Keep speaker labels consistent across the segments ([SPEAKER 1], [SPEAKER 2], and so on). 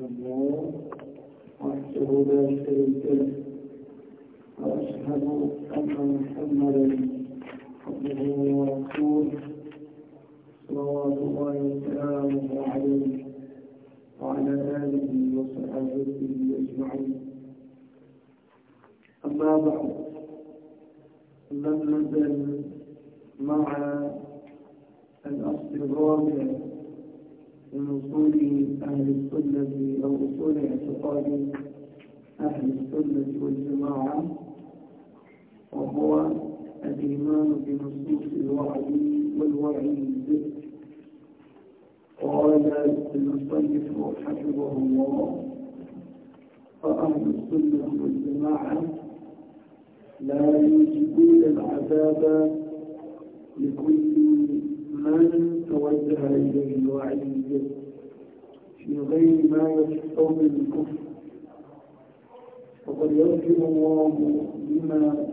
[SPEAKER 1] وحده لا شريك له وأشهد أن محمدا عبده ورسوله صلوات الله وسلامه عليه وعلى آله وصحبه أجمعين أما بعد لم نزل مع الأصل الرابع من أصول أهل السنة أو أصول اعتقاد أهل السنة والجماعة وهو الإيمان بنصوص الوعد والوعيد قال المصنف حفظه الله فأهل السنة والجماعة لا يجدون العذاب لكل من توجه إليه الوعي في غير ما يشعر الكفر فقد يغفر الله بما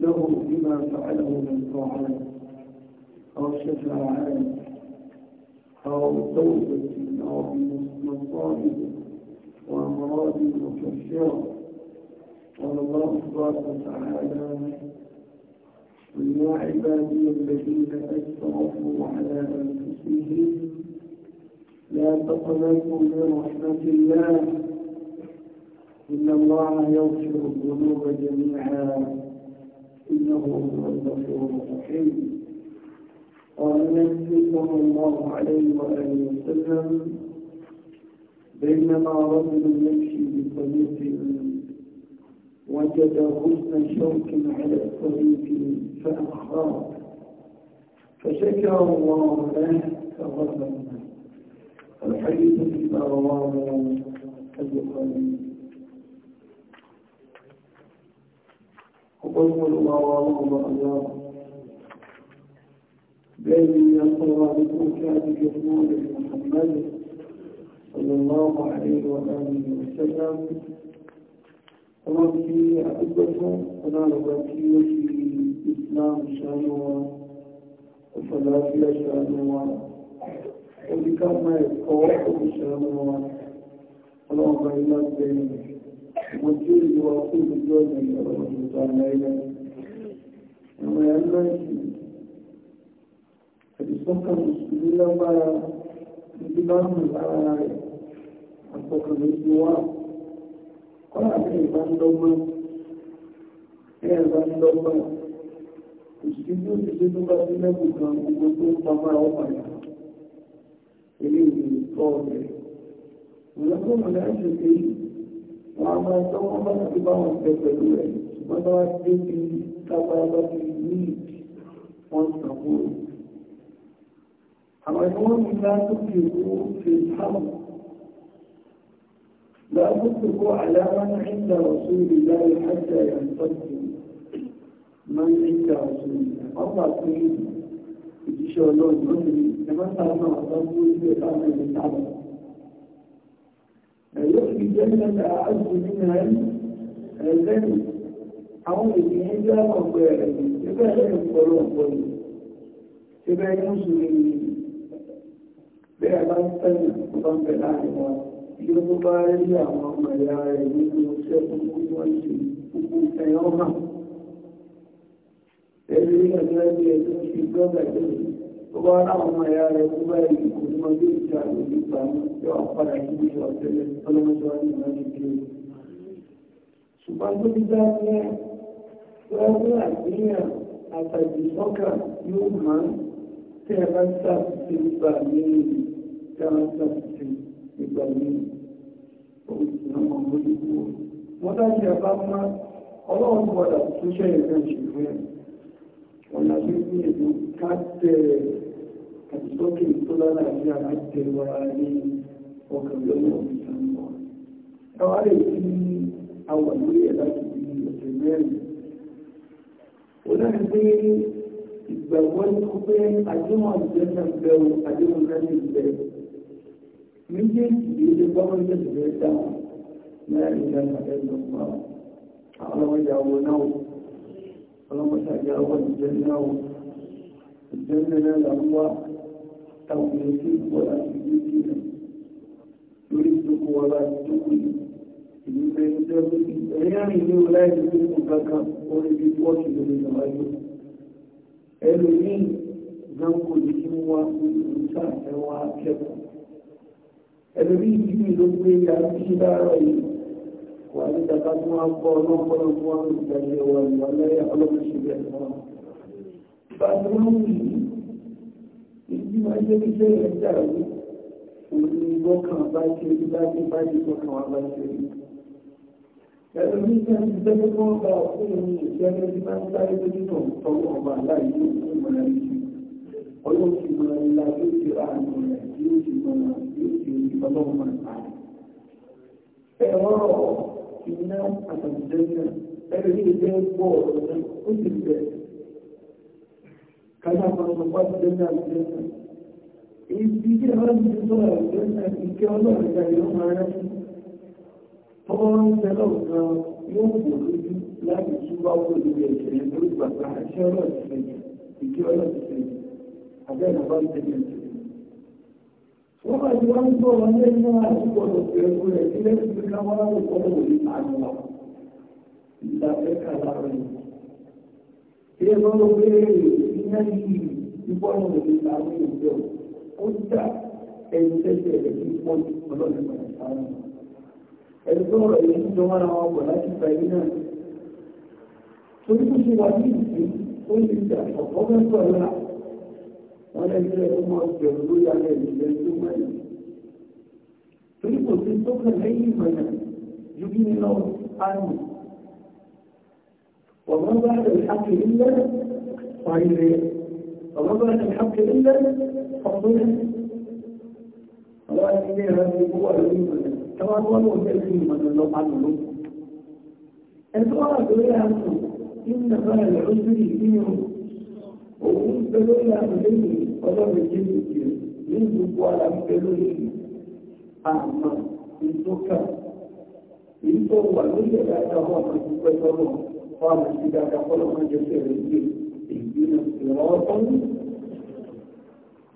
[SPEAKER 1] له بما فعله من طاعات أو شفاعات أو توبة أو مصائب وأمراض مكفرة قال الله سبحانه وتعالى يا عبادي الذين أسرفوا على أنفسهم لا تقلقوا من رحمة الله إن الله يغفر الذنوب جميعا إنه هو الغفور الرحيم قال النبي صلى الله عليه وآله وسلم بينما رجل يمشي بطريق وجد غصن شوك على الطريق فأخاف فشكر الله له فغفر له الحديث في رواه البخاري وقل الله وعلم الله بين الصواب كان يقول محمد صلى الله عليه وآله وسلم ọlọ́run tí àdúgbò fún ọlọ́run tí ó fi islam ṣàánú wa ọ̀fọ̀láfíà ṣàánú wa oníkàmà ẹ̀kọ́ òṣàánú wa ọlọ́run bá ilá bẹ̀rẹ̀ mo tí ó yíwa fún ìlú ọ̀nà ìrọ̀rùn ìgbà náírà àwọn ẹ̀yà ńlá ìsìn àdìsọ́kà mùsùlùmí lágbára ìdíbàmù lára rẹ̀ àpọ̀kànlẹ̀ Wọ́n àti ìbánidọ́gbọ́n, ẹ̀ẹ̀bá ń dọ́gbọ́n, ìṣẹ́jú ìṣẹ́ tó bá sí lẹ́bùn kan gbogbo tó ń pamọ́ àwọn pàdà. Ilé ìlú tọ́ ọ̀rẹ́. Ìlọ́gbọ́n láìṣẹ́ pé wọ́n a máa tọ́ wọ́n bá ti bá wọn fẹ́ pẹ̀lú rẹ̀, ṣùgbọ́n tó wá dé bí kápá bá ti ní wọ́n sàn kúrò. Àwọn ìwọ́n mi لا أطلق على من عند رسول الله حتى ينفذ من عند رسول الله الله كريم ìṣẹ́ ọlọ́run ló ti ẹgbẹ́ta náà lọ́gbọ́n ilé láti ẹ̀rẹ́ sábà ẹ̀yọ́ fi jẹ́ mẹ́ta àjò nínú ẹ̀rí ẹ̀lẹ́nu àwọn ènìyàn jẹ́ ọ̀pẹ̀ ẹ̀rí ẹgbẹ́ ẹ̀rẹ́ ìpọ̀lọpọ̀ yìí ẹgbẹ́ ẹ̀yọ́ sùn ní bẹ́ẹ̀ bá ń tẹ́lẹ̀ bá ń bẹ̀ láàrin wọn bí ó bá rí àwọn ọmọ ìyá rẹ̀ nínú iṣẹ́ gbogbo wọn ṣe gbogbo ẹ̀yọ́ hàn ẹ̀rí ẹ̀jọ́ ẹbí ẹ̀jọ́ ṣe gbọ́dọ̀ ẹ̀jọ́ ṣe tó bá ráwọn ọmọ ìyá rẹ̀ tó bá yìí kò ní ọjọ́ ìjà lórí ìgbà yọ àpàdà sí ìṣọ̀ tẹ́lẹ̀ ọlọ́mọṣọ́ ní ìlànà ìdílé ṣùgbọ́n tó ti dá ní ẹ̀ lọ́wọ́ àgbéyàn àtàjùsọ́kà yóò máa tẹ́ ẹ bá ń sàtìsí gbà ní ìlú tẹ́ ẹ bá ń sàtìsí ìgbà ní wọ́n dájú ẹ̀bá máa ọlọ́run gbọ́dà tó ṣe ìrìn ìṣèlú ẹ̀ ọ̀nà tó ní èdè ká tẹ̀rẹ̀ àti sókè tó lára ní àmà tẹ̀rẹ̀ wà ní ọkàn lọ́nà òmìnira mọ́ ẹwà lè fi àwọ̀ lórí ẹ̀ láti fi ọ̀sẹ̀ mẹ́rin ó dájú ìgbàgbọ́ ní kó pé àjọmọ̀ bẹ̀rù àjọmọ̀ kájí bẹ̀rù méjèèjì yìí lè bá wọn jẹ́ ìgbẹ́ dáhùn mẹ́rin ìjẹ́ àtẹ́gbọ̀n pa ọlọ́mọdé àwọn náà ọlọ́mọdé àjẹ́ àwọn ìjẹ́ náà ìjẹ́ náà làwọ́ táwọn èèyàn sí ìwọ́ láti gbé sí rẹ̀ lórí ìjókòó wọn láti jókòó yìí ìlú bẹ̀rẹ̀ jẹ́ pé ẹ̀yà rìn ní o láì lórí ìlú kankan orí ibi tí wọ́n ẹlòmí ìdílé ló gbé ìyàwó sí láàárọ̀ yìí wà ní dàbá tí wọ́n kọ́ ọlọ́pọ̀lọ́ fún wọn ìgbàlẹ̀ wà ìwà lẹ́yà ọlọ́pọ̀ ṣe bẹ̀rẹ̀ wọn. bá a ti wọ́n wù yìí ìdí máa ẹ̀ dàrú òní ti sẹ́yìn fún ọlọ́run máa ta ẹ̀rọ iná àtàlùjẹ́ náà ẹ̀rọ yìí jẹ́ gbọ́ ọ̀rọ̀ náà ó sì bẹ̀ kájà máa lọ bá ti dẹ́gbẹ́ àtàlùjẹ́ náà ibi tí a ti tó àtàlùjẹ́ náà ìkẹ́ ọlọ́run ìjà yóò máa rántí tọ́wọ́ ń tẹ́lọ̀ gan yóò kò lójú láti túbọ̀ wọ lórí ẹ̀jẹ̀ lórí bàbá àṣẹ ọlọ́run ìfẹ̀yìn ìkẹ́ ọlọ́run ìfẹ̀yìn àbẹ́ ìnàbá ìfẹ̀yìn wọ́n ti wá ń gbọ́ wọn lé nínú àdúgbò ọ̀sẹ̀ ẹ̀kọ́ rẹ̀ kí lẹ́sìn fi ká wọ́n láwọn ìkọ́lẹ̀ wò ní àánú wa ìgbà fẹ́ kà láàrin kí ẹ bá pé iná yìí ìbọ́nà wò ní àwọn ìjọ ó dà ẹni tẹ́sẹ̀ rẹ̀ ní wọ́n ti ọlọ́dún pẹ̀lú sáà ẹni tó rọ̀ yẹn ń wọn àwọn ọkọ̀ láti gba ilé náà torí kó ṣe wà ní ìsìn ó lè dà ọ̀pọ̀ mẹ́fà wọ́n lẹ́yìn tí ó mọ̀ ìjọba lórí alẹ́ ìjọba tó mẹ́rin torí kò sí tó kàn lẹ́yìn ìmọ̀nà وما بعد الحق إلا وما بعد الحق إلا فضله الله هذه هو الإيمان طبعا هو الوحيد الإيمان الله عنه أنت أرى إليها أنه إن ما العذر إيمان وقلت له إلى أمره ọlọ́run jẹ́ ìdíje ní gbogbo ara ń bẹ lórí àmà ìtókà èyí tó wà lórí ẹ̀dá àwọn ọmọ ti fún àwọn ti dáadáa máa jẹ́ fẹ́rẹ̀ gbé ìgbìnà ìrànwọ́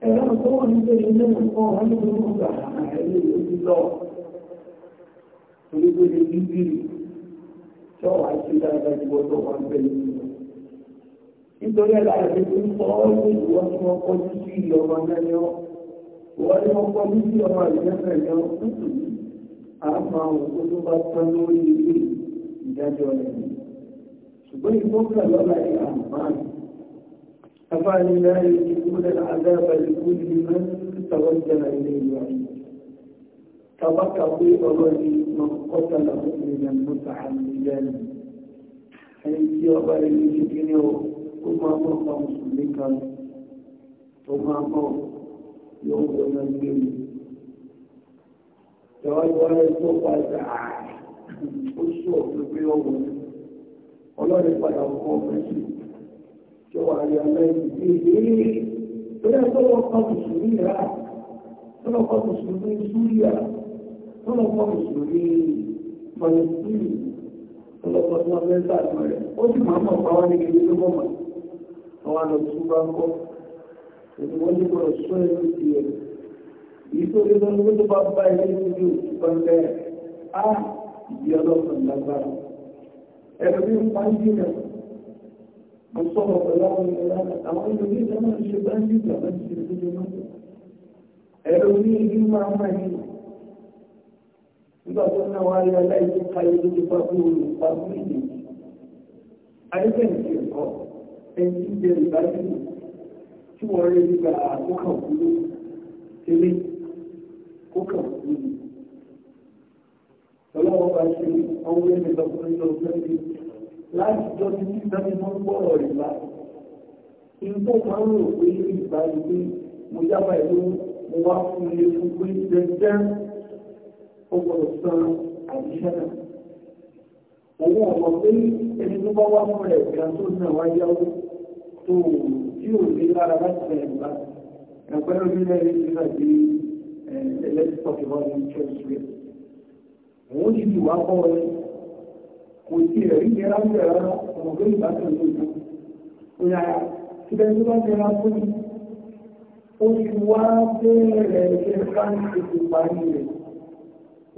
[SPEAKER 1] ẹ̀rọ tó wà níbẹ̀ ilé ẹ̀kọ́ wọn ní ìlú ọgbà àárẹ̀ lọ nítorí àlàyé tó ń sọ ọ́ ní ìwọ́n tí wọ́n kọjú sí ìyọ̀mọ̀ náà ni wọ́n wọ́n ní wọ́n kọjú sí ọmọ àlùjẹ́fẹ̀ ni wọ́n kú sí àmà tó bá tán lórí ilé ìdájọ́ rẹ̀ ṣùgbọ́n ìfọ́nkà أفعل لا يجدون العذاب لكل من توجه إليه تبقى في الرجل من قتل مؤمنا متعمدا ẹni tí ọba ó máa bọ̀ pa mùsùlùmí kan ó máa bọ̀ yóò wọ náà gbé mi. Ìjọba ìwọlé tó pa ẹ̀sẹ̀ ààrẹ ó sọ pé pé ọ̀wọ́ ni. Ọlọ́run padà kọ́ mẹ́sì tí ó wà ní Amẹ́ríkì bí ìdílé tó yẹ kó lọ pa mùsùlùmí rà tó lọ pa mùsùlùmí Súríà tó lọ pa mùsùlùmí Palestine tó lọ pa mùsùlùmí rẹ̀ ó sì máa mọ̀ pa wá ní kébí tó mọ̀ mọ̀ wọn lọ tún bá kọ́ èyí wọ́n ní gbọ́dọ̀ sọ ẹ̀rọ ti ẹ̀ èyí tó lé lọ́nà wọ́n tó bá bá ẹ̀ ní ìdí òtún bá bẹ́ ẹ̀ á ìdí ọlọ́sàn lágbára ẹ̀rọ bí wọ́n ń jìnà mo sọ̀rọ̀ pẹ̀lú àwọn ènìyàn àwọn ènìyàn ní ìjọba ń ṣe bá ń jìnà láti ṣe ìdíjọba ẹ̀rọ ní ìdí máa máa yìí nígbà tó náà wá rí aláìsí káyé lójú pápá olùpapọ̀ ìdè ẹni tí jẹ ìbájú tí wọ́n rí nígbà àkókò kúrú tẹ́lẹ̀ kókò kúrú ọlọ́wọ́ bá ṣe ọwọ́ ẹni lọ́kùnrin lọ sẹ́ni láti jọ sí tí sẹ́ni mọ́ gbọ́rọ̀ rẹ̀ bá ìgbó máa ń rò pé ìbájú pé mo jábà ìlú mo wá fún ilé fún pé jẹjẹ ó gbọdọ̀ san àdíṣẹ́ náà owó ọ̀pọ̀ pé ẹni tó bá wá fún rẹ̀ ìgbà tó náà wáyáwó tó tí ò lè lára láti bẹ̀rẹ̀ nígbà ẹ̀pẹ́ orílẹ̀ èdè nígbà tí ẹlẹ́tìpọ̀tì wọn ní church rẹ̀ òun ti dùn wá kọ́ ọ ní kò sí ẹ̀rí ìlera ń bẹ̀rẹ̀ rárá ọmọ tó ìgbà tó ló dùn ó yà á síbẹ̀ tó bá bẹ̀rẹ̀ fún mi ó ti wá bẹ̀rẹ̀ ẹgbẹ́ fáńsì tó parí rẹ̀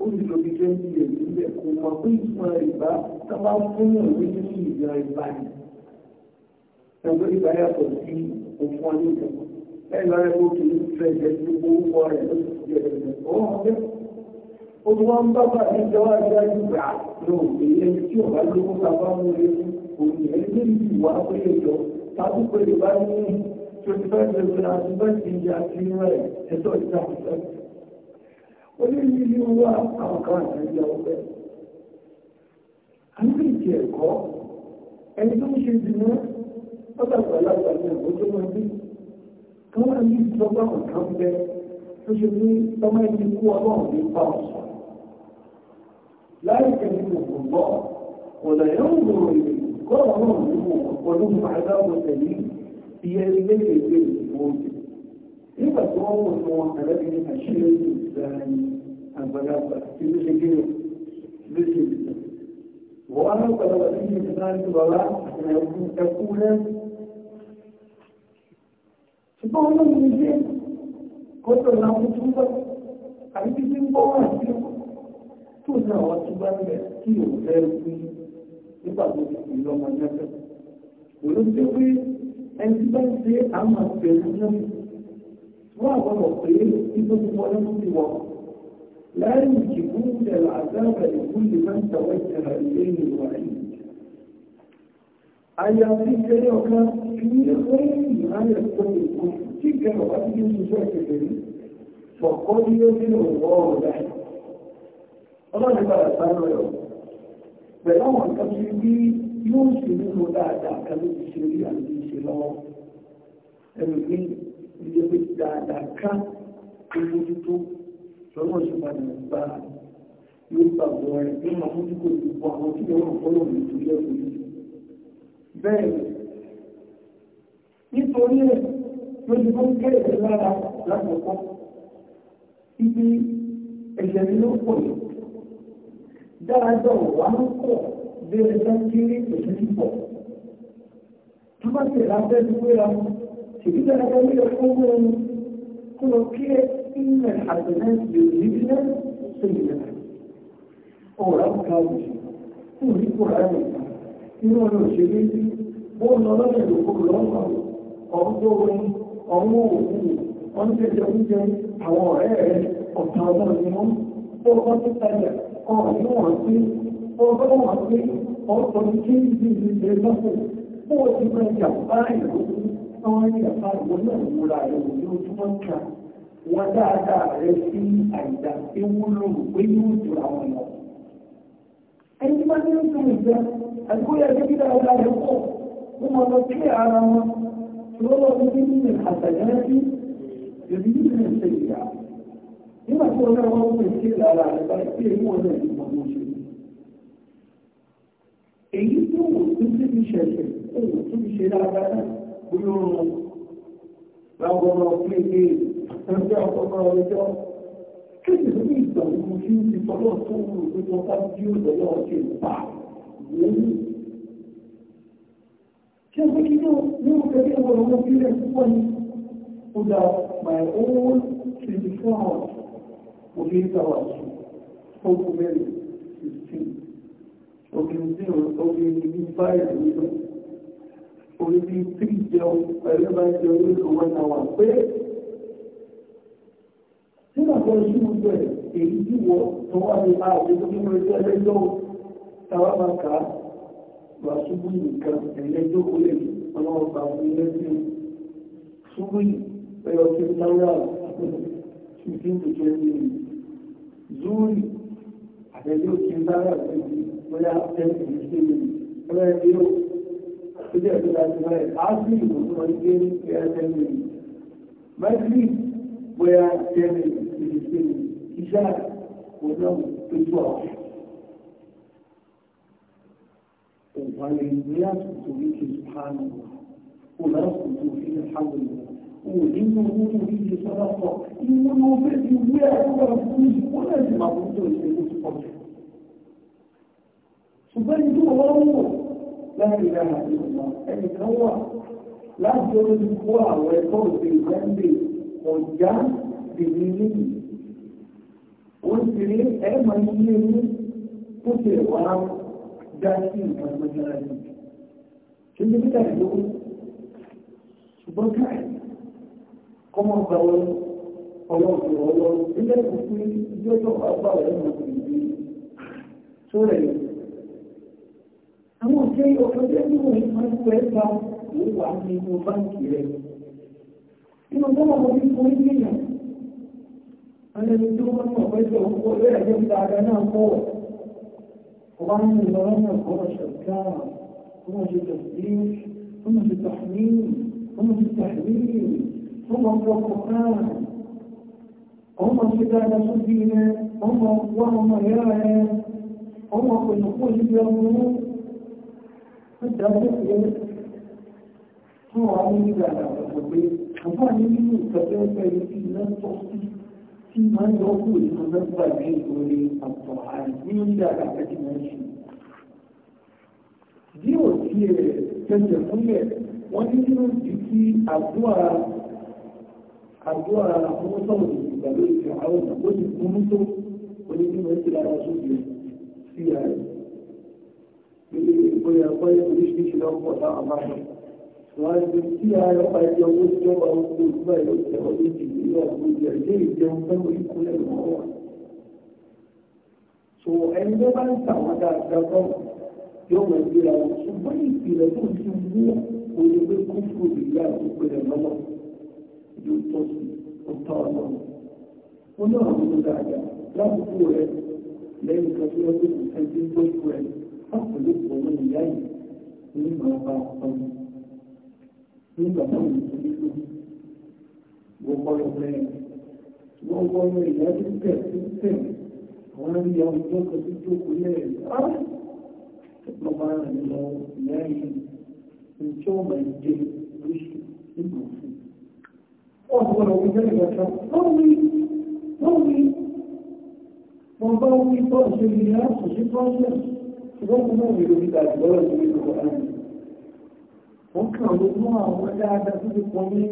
[SPEAKER 1] ó ti lòdì twenty years níbẹ̀ kò mọ̀ pé ìtumọ̀ ìgbà tó bá fún yàn lórí ìgbà ìbàdàn ẹgbẹ́ ìgbà yàtọ̀ sí òfin ọdún ìjọba ẹ̀yìn lọ́rẹ́ tó kì í fẹ́ jẹ́ gbogbo rẹ̀ ló ti jẹ́ ẹ̀rẹ̀ ó bá bá ní ìjọba ìjájú gbà ló èyí ẹni tí ọ̀gá lówó ta bá mú lé òní ẹni tí ìlú àgbàlagbà ní àwùjọ máa bí káwọn àmì ìjọba ọ̀kan bẹ tó ṣe ní ọmọ ẹni kú ọlọ́run ní pa ọ̀sán láì kẹ́ni kò gbọ́ ọ̀nà yóò lòrò ìlú kọ́ ọlọ́run ní mọ̀ pẹ̀lú àdáwọ̀ tẹ̀lé ìyẹn ilé ìgbé ìgbòho nígbà tí wọ́n wọ̀ fún wọn àrẹ́bìnrin àṣírí ìgbàlẹ̀ àgbàlagbà tí ló ṣe gẹ́rẹ̀ ló ṣe ìgbà wọ́n á lọ́pàá lọ́pàá ṣùgbọ́n wọn ní ilé kó tó làwọn tó ń àbí títí ń bọ̀ wọn sí tó ní àwọn tó bá bẹ̀ kí fẹ́ rí nígbà tó ti fi lọ́mọ nẹ́fẹ̀. òun ti pé ẹni tí bá ń ṣe àwọn àgbẹ̀rù náà wọ́n àgbọ̀dọ̀ pé ibi tí wọ́n lọ́mọ ti wọ̀. لا يجبون العذاب لكل من توجه إليه الوعيد. أيام في كريوكا من غير كل في كما قد يوسف كثير فقد يؤمن الله له الله تعالى سبحانه يوم pẹ̀lú àwọn nǹkan tí bí yóò ṣe nínú dáadáa kan ló ti ṣe rí àti ìṣe lọ́wọ́ ẹnu pé ilé pé dáadáa kan tó mójú tó lọ́wọ́ ṣe padà gba yóò gbàgbọ́ rẹ̀ yóò máa mójú kò gbogbo àwọn tí wọ́n rọ̀ fọ́lọ́ mi tó yẹ kò yìí bẹ́ẹ̀ nítorí rẹ̀ lójú tó ń kéré sí lára lápòpọ̀ ibi ẹ̀jẹ̀ mi ló pọ̀ yìí dáadáa wà ń pọ̀ bí ẹni tó ń kéré pẹ̀lú pípọ̀ tó bá ti rà bẹ́ẹ̀ ti wéra ṣèbí dáadáa ní ẹ̀kọ́ wọn kó lọ kí ẹ nínú àgbẹ̀nà yòóyí nílẹ̀ tó yẹ ọ̀rọ̀ àbúkà òjò kúrò ní kúrò ààrẹ inú ọ̀nà òṣèlú bó ń lọ lọ́dẹ̀ lókòrò lọ́wọ́ ọ̀hún tó wọn ọ̀hún òkú wọ́n ń rẹ̀ sí ọ̀rọ̀ tó wọ́n sí ọ̀rọ̀ ní ní ìlú àwọn ìjàmbá ìwọ náà wọ́n dáadáa rẹ̀ sí àìdá ewu lóru pé yóò jù àwọn tí wọ́n ti وهو يريد من الحسنات يريد من السيئات لما كنا هو مسكين على عبادته هو الذي مهوش èyí tí ó wò tó ti fi ṣẹ̀ṣẹ̀ ó wò tó fi ṣe dáadáa bóyá oorun láwọn ọmọ plége ẹgbẹ́ ọkọ̀ ọjọ́ kéde lórí ìgbà gbogbo tí ó ti tọ́lọ̀ tó wù tó tọ́ka bí ó lọ́wọ́ ṣe pa wọ́n Just like you know, you know, the people who are doing one who does my own 24 hours, who gives hours, who will his team, who will zero, who will be fired, you know, who will be three jail, wherever there is one hour. Where? Tí wọ́n kọ́ sí gbogbo ẹ̀, èyí tí wọ́n tó wà ní ààrẹ tó kí wọ́n rẹ̀ tẹ́lẹ̀ lọ́wọ́, tàwa máa kàá. wà ṣubú nìkan ẹ̀lẹ́jọ́ kó lè ọlọ́wọ́ bá wọn ilé sí ṣubú ẹ̀yọ tí ó sáré àwọn fifteen to twenty minutes zuri àtẹ̀jọ́ tí ó sáré àwọn ẹ̀jẹ̀ bóyá ten to fifteen minutes ọlọ́ ẹ̀jẹ̀ ó tó jẹ́ ẹ̀jẹ̀ láti rẹ̀ áṣì ìgbòho ẹ̀jẹ̀ ní ẹ̀yà ten minutes mẹ́tírì bóyá ten minutes to fifteen minutes iṣẹ́ òun náà tó tó àwọn. والانبياء تريد سبحانه ولا تكون فيه حول وإنه فيه صدقة إنه فيه ولا ربي ولا المعبود يسير سبحانه سبحانه الله لا إله إلا الله أي هو لا يوجد القوى ويقول بالذنب والجهل بدينه والسرير أي من يجيني كثير ورحمه dá sí nǹkan tó dára ní kí ní bíkà ìlówó ṣùgbọ́n káà kọ́mọ gba wọn ọlọ́run ọlọ́run ilé ìkùnkùn yóò tó wà gbà wọ́n mọ̀ sí ibi tó rẹ̀ yìí. àwọn òṣèré ọ̀kan jẹ́ nínú ìfọ̀nkú ẹ̀ gba òun wà nínú báńkì rẹ̀. nínú tọ́wọ́ mo fún وبعدين البرامج هو الأذكار هو التسبيح هو التحميد هو التحليل هو القرآن هو كتاب سبينا هو وهم يرى هو كل قول يوم التابعين هو عميد على التطبيق هو عميد التطبيق التي لا تصدق من يقول تنظر بيقولي الطعام من لا أتمنى bí ò sí rẹ̀ tẹ̀sẹ̀ fúnlẹ̀ wọ́n ní kí ló di kí àdúrà àdúrà àwọn sọ̀rọ̀ ìgbà lórí ìfẹ́ àwọn ìgbà ó ti e foi oní kí wọ́n ti lára sókè sí o Ilé ìgbóyà wọ́n ti kí ayọ́ ayọ́ owó tí ó bá ń kó ìgbà yóò tẹ̀ ọ́ lójú ìlú àgbègbè ilé ìjẹun fẹ́ orí kúlẹ̀ mọ́ wa. so ẹni tó bá ń tà wọ́n dáadáa bọ́ yóò mọ̀ sí ra wọn ṣùgbọ́n ìpìlẹ̀ tó ti mú òye pé kó fún ìyá àgbègbè rẹ̀ lọ́wọ́ yóò tọ́ sí ó tọ́ ọ lọ́wọ́. ó ní ọ̀rọ̀ tó dáadáa lábùkù rẹ̀ lẹ́yìn kan tó yẹ nígbà tó ń sọ nínú wọ́n kọ́lọ̀ bẹ́ẹ̀ wọ́n wọ́n ìyá tó tẹ̀ tó tẹ̀ àwọn ẹni ya ọjọ́ kan tó jókòó lẹ́yìn rárá ah! tó máa rìn lọ lẹ́yìn ìjọ ọmọ ìjẹ lóṣù nígbà fún wọ́n tó wọ́n wíjẹ́ ìgbà wọ́n kàn ló é àwọn dáadáa tó ti kọ́ ní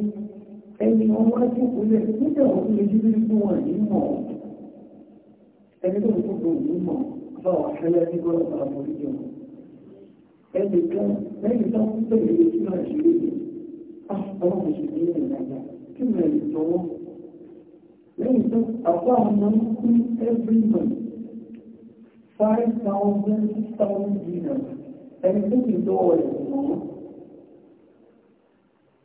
[SPEAKER 1] ẹni wọn wá sí ìpínlẹ̀ É wọn tó lè jí lórí fún wọn ní mọ̀ ẹni tó kó tó ní mọ̀ bá wà fẹ́lẹ́ ní gbọ́dọ̀ bá wọn ní É ẹni kan lẹ́yìn tó ń every month five thousand six thousand É ẹni tó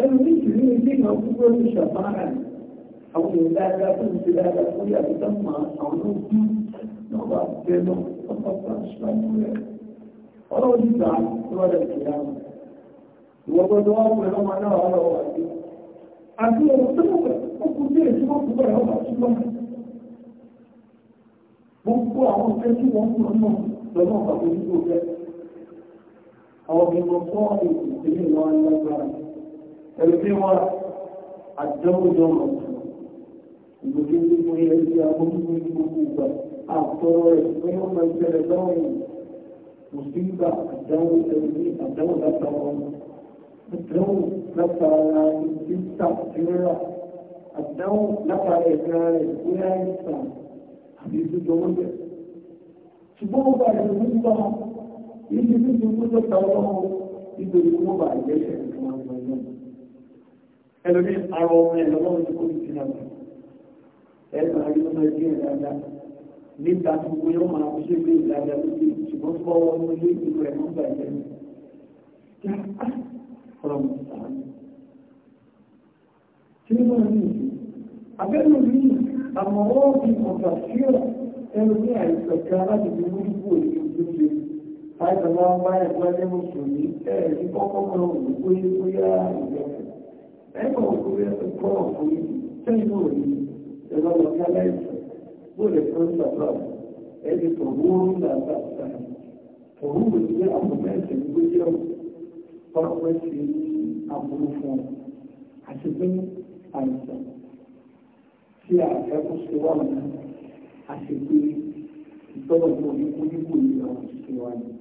[SPEAKER 1] ẹnu ní ìlú ilé náà gbogbo ní ṣàmáà àwọn èèyàn dáadáa tó ń ṣe dáadáa fún yàtọ̀ tó mọ àwọn náà kú náà bá bẹ lọ pápápá ṣáájú rẹ̀ ọlọ́run ti tó wà lẹ́sẹ̀ yá wọn. ìwọ gbọ́dọ̀ wá ọmọ náà wà lọ́wọ́ àti àti ọmọ tó mọ̀ pẹ̀lú ọkùnrin tí èsì wọn kú bẹ̀rẹ̀ ọmọ àti wọn. gbogbo àwọn ọ̀fẹ́ tí wọ́n kú lọ́nà lọ́nà ọ̀pàdé nígbò bẹ́ẹ̀ àwọn ọmọ ọmọ ẹ̀rù tí wọ́n àjọ́wọ́jọ́ ìgbòkè tí mo yẹ sí agbóhùn ní gbogbo ìgbà àtọrọ ẹ̀ pé wọ́n máa jẹ́rẹ̀ lọ́wọ́ yìí kò sí gbà àdáwọ̀ ẹ̀rù ní àdáwọ̀ látara ọmọ àdáwọ̀ látara ìgbésà ìrẹ́ra àdáwọ̀ látara ẹ̀ka rẹ̀ bóyá ìsà àbí ìdújọ wọ́n jẹ́ ṣùgbọ́n ó bá ẹ̀rù ń bá ilé nítorí tó tọ́ta ọlọ́run nítorí wọ́n bá ìjẹ́ṣẹ̀ ìfọwọ́n ẹlòmí ara ọmọ ẹ̀ lọ́wọ́ tó kó ti nàbà ẹ̀rọ ayé ọmọ ẹgbẹ́ ẹ̀ dáadáa níta gbogbo yóò máa fi ṣe gbé ìdájá lókè ṣùgbọ́n tó ọwọ́ ọmọ ilé ìlú ẹ̀ mọ́ gbà jẹ́ ọ̀rọ̀ mọ̀ sáà tí ó máa ní ìlú abẹ́rù mi àmọ̀wọ́ bí ọ̀gá sí ọ̀ ẹnu ní àìsàn kan láti fi mú ìbò ìlú tó ṣe láìsàn máa ń bá ẹ̀gbọ́n ẹgbẹ́ mùsùlùmí ẹ̀ẹ́dì kọ́kọ́ mọ́ òun pé ó yá ìjọba Ecco come il profughi, sei noi, e la nostra legge, vuole questa prova, e che promuovi la tassa, promuovi la promessa di cui io farò questi abrufoni, a seguire ansia, sia che a seguire il todo il mondo di cui io si vuole.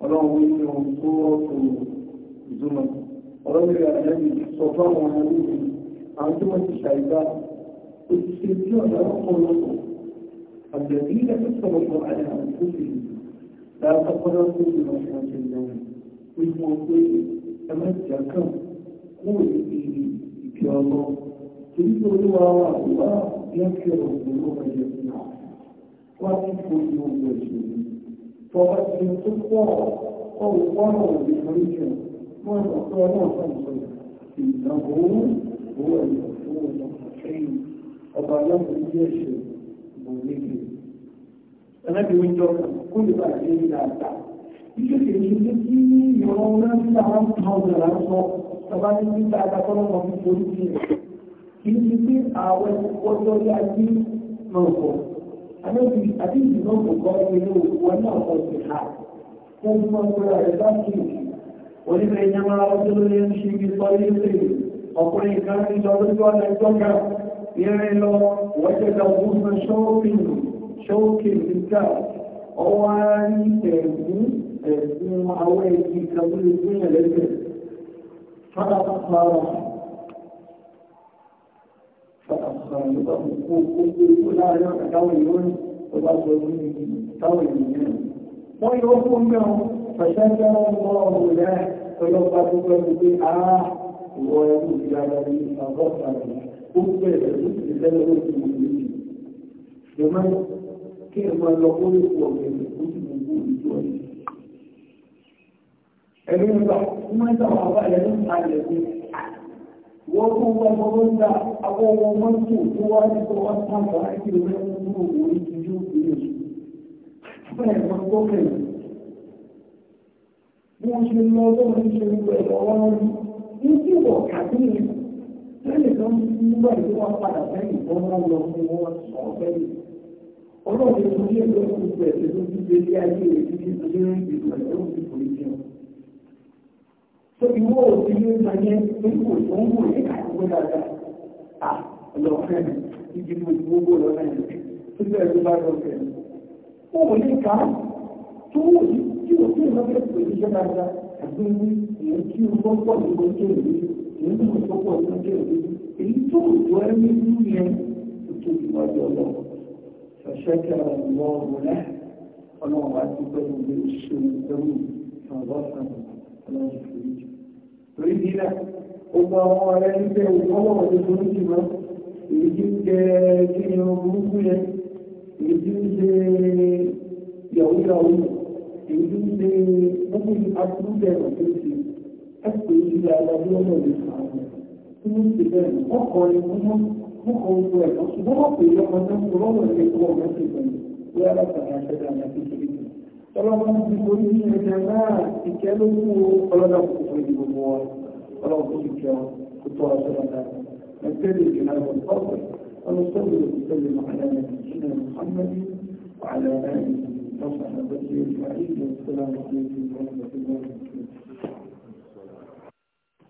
[SPEAKER 1] Allora, un po' su Zoom, ọ̀rọ̀lẹ̀ àjẹ́bì sọ fáwọn aráyé àwọn tí wọ́n ti ṣàìdá ó ti ṣe tí ọ̀dá ọ̀pọ̀lọpọ̀ àjẹ́bí ilẹ̀ tó sọ̀rọ̀ kan àyà tó fi dáadáa kọ́dá tó fi lọ sí ọjọ́ ìlànà pé wọ́n pé ẹmẹ́jà kan kúrò níbi ìpẹ́ ọlọ́ torí pé olúwa wà wá bí wọ́n fi ọ̀rọ̀ òun lọ́wọ́ ẹ̀yẹ fún wa wá ní fojú ogun ẹ̀sùn tọ́wọ́ ti tó pọ̀ ọ̀rọ̀ pọ̀ ọ̀rọ̀ ìforíjì wọ́n sọ pé ọlọ́run fẹ́ sọ ìdánwò owó ẹ̀yọ̀ fún ọ̀nà ṣẹ́yìn ọba aláwọ̀ ilé ẹ̀ṣẹ̀ ìbò níbi ẹlẹ́bìnrin jọ kó lè bá ẹ̀ṣẹ̀ ní dáadáa iṣẹ́ kìí ṣe kí ìyọ̀rọ̀ náà ní àwọn ọ̀dọ̀ là ń sọ ọba ní ní dáadáa kọ́ lọ́mọ ní orí ti rẹ̀ kìí ṣe pé àwọn ọjọ́ yá ní náà kọ̀ àti ìdìbò kọ̀ kọ́ ilé òkú wọn náà kọ̀ sí ha wọ́n mú ọgbọ́n rẹ̀ bá kìí oníbẹ̀ẹ́yẹ́mọ́ ọdún yẹnṣí bí sọ ilé ọkùnrin kan ní ọdún ọ̀nà ìjọba ìrìn lọ wọ́jẹ́dà ọgbọ́n ṣọ́ọ̀kìn ṣọ́ọ̀kìn níta ọwọ́ ní ẹ̀gún ẹ̀gún awọ́ ẹ̀gún ìkàbúrú fún ẹ̀lẹ́gbẹ̀ fàtàkàrà fàtàkàrà ló bá mú kó gbogbo ikú láàárín ọ̀nà táwọn ìròyìn tó bá sọ ní táwọn wọ́n yóò fún mẹ́rin فشكر الله له ọlọ́pàá tó pẹ́ pé a ah, wọ ẹrú ìyára ní ọgọ́ta rẹ̀ ó bẹ̀rẹ̀ ló ti lẹ́nu ló ti wù mí. kí ẹ máa lọ kórè fún ọ̀gbẹ̀ rẹ̀ ti wù mí ìjọ rẹ̀. Ẹ̀rí ń gbà wọ́n ń tàwọn àbá rẹ̀ ń ta sí. Ah, wọ́n tó wọ́n mọ́ ló ń ta àwọn ọmọ mọ́tò tó wá ní kó wọ́n tàbí àìsí rẹ̀ ń mú òwò ìtìjú ìrìn. Bẹ́ẹ̀ ni wọ́n tó kẹ̀lé mo ṣe lọ lọ́wọ́ ṣe gbogbo ẹ̀rọ wọn ní tí wọ́n kà sí lẹ́yìn tó ń nígbà tí wọ́n padà lẹ́yìn tó wọ́n lọ fún wọn sọ lẹ́yìn. ọlọ́run tó ṣe lọ gbogbo ẹ̀sẹ̀ tó ti gbé ayé rẹ̀ ti ti ṣe ń fi ìgbà tó ti kò ní jẹun. tó ti wọ́n ní ìgbà yẹn pé kò tó ń wò ní àìkú dáadáa. à lọ́fẹ́ mi ti gbogbo lọ́fẹ́ mi tó bẹ̀rẹ̀ tó bá lọ́fẹ́ mi kí o kí ìmọ̀ bẹ́ẹ̀ pè níṣẹ́ dáadáa àbí èyí kí o tó pọ̀ ní oúnjẹ ìlú èyí tó tó pọ̀ ní oúnjẹ ìlú èyí tó tó ẹ ní inú yẹn tó tó ìwájú ọlọ́run ṣọṣẹ́ kí ara ìwọ ọ̀rọ̀ rẹ̀ ọlọ́run wá sí pẹ̀lú ilé iṣẹ́ ìgbẹ́rù ìfọ̀nbọ́sàn ọlọ́run ìfòrí torí nílà gbogbo àwọn ọmọ burúkú yẹn èyí èyí ṣe gbogbo aburú bẹ̀rẹ̀ tó ṣe ẹ̀sìn ìlú alábí ọmọ ìlú àwọn tí ṣe bẹ́ẹ̀ wọ́n kọ́ ni ojú ẹ̀ ṣùgbọ́n wọ́n pè é ọmọ náà kó lọ́wọ́ ẹ̀ kó ọmọ ṣe bẹ̀rẹ̀ bí alákàtà àṣẹdá àti àṣẹdá ọlọ́run ti borí ní ẹ̀dá náà ìkẹ́ ló mú ọlọ́dà kò ìdìbò mọ́ wa ọlọ́run kẹ́ ọ kó tó aṣọ نصح بشير وعيد والسلام عليكم ورحمة الله وبركاته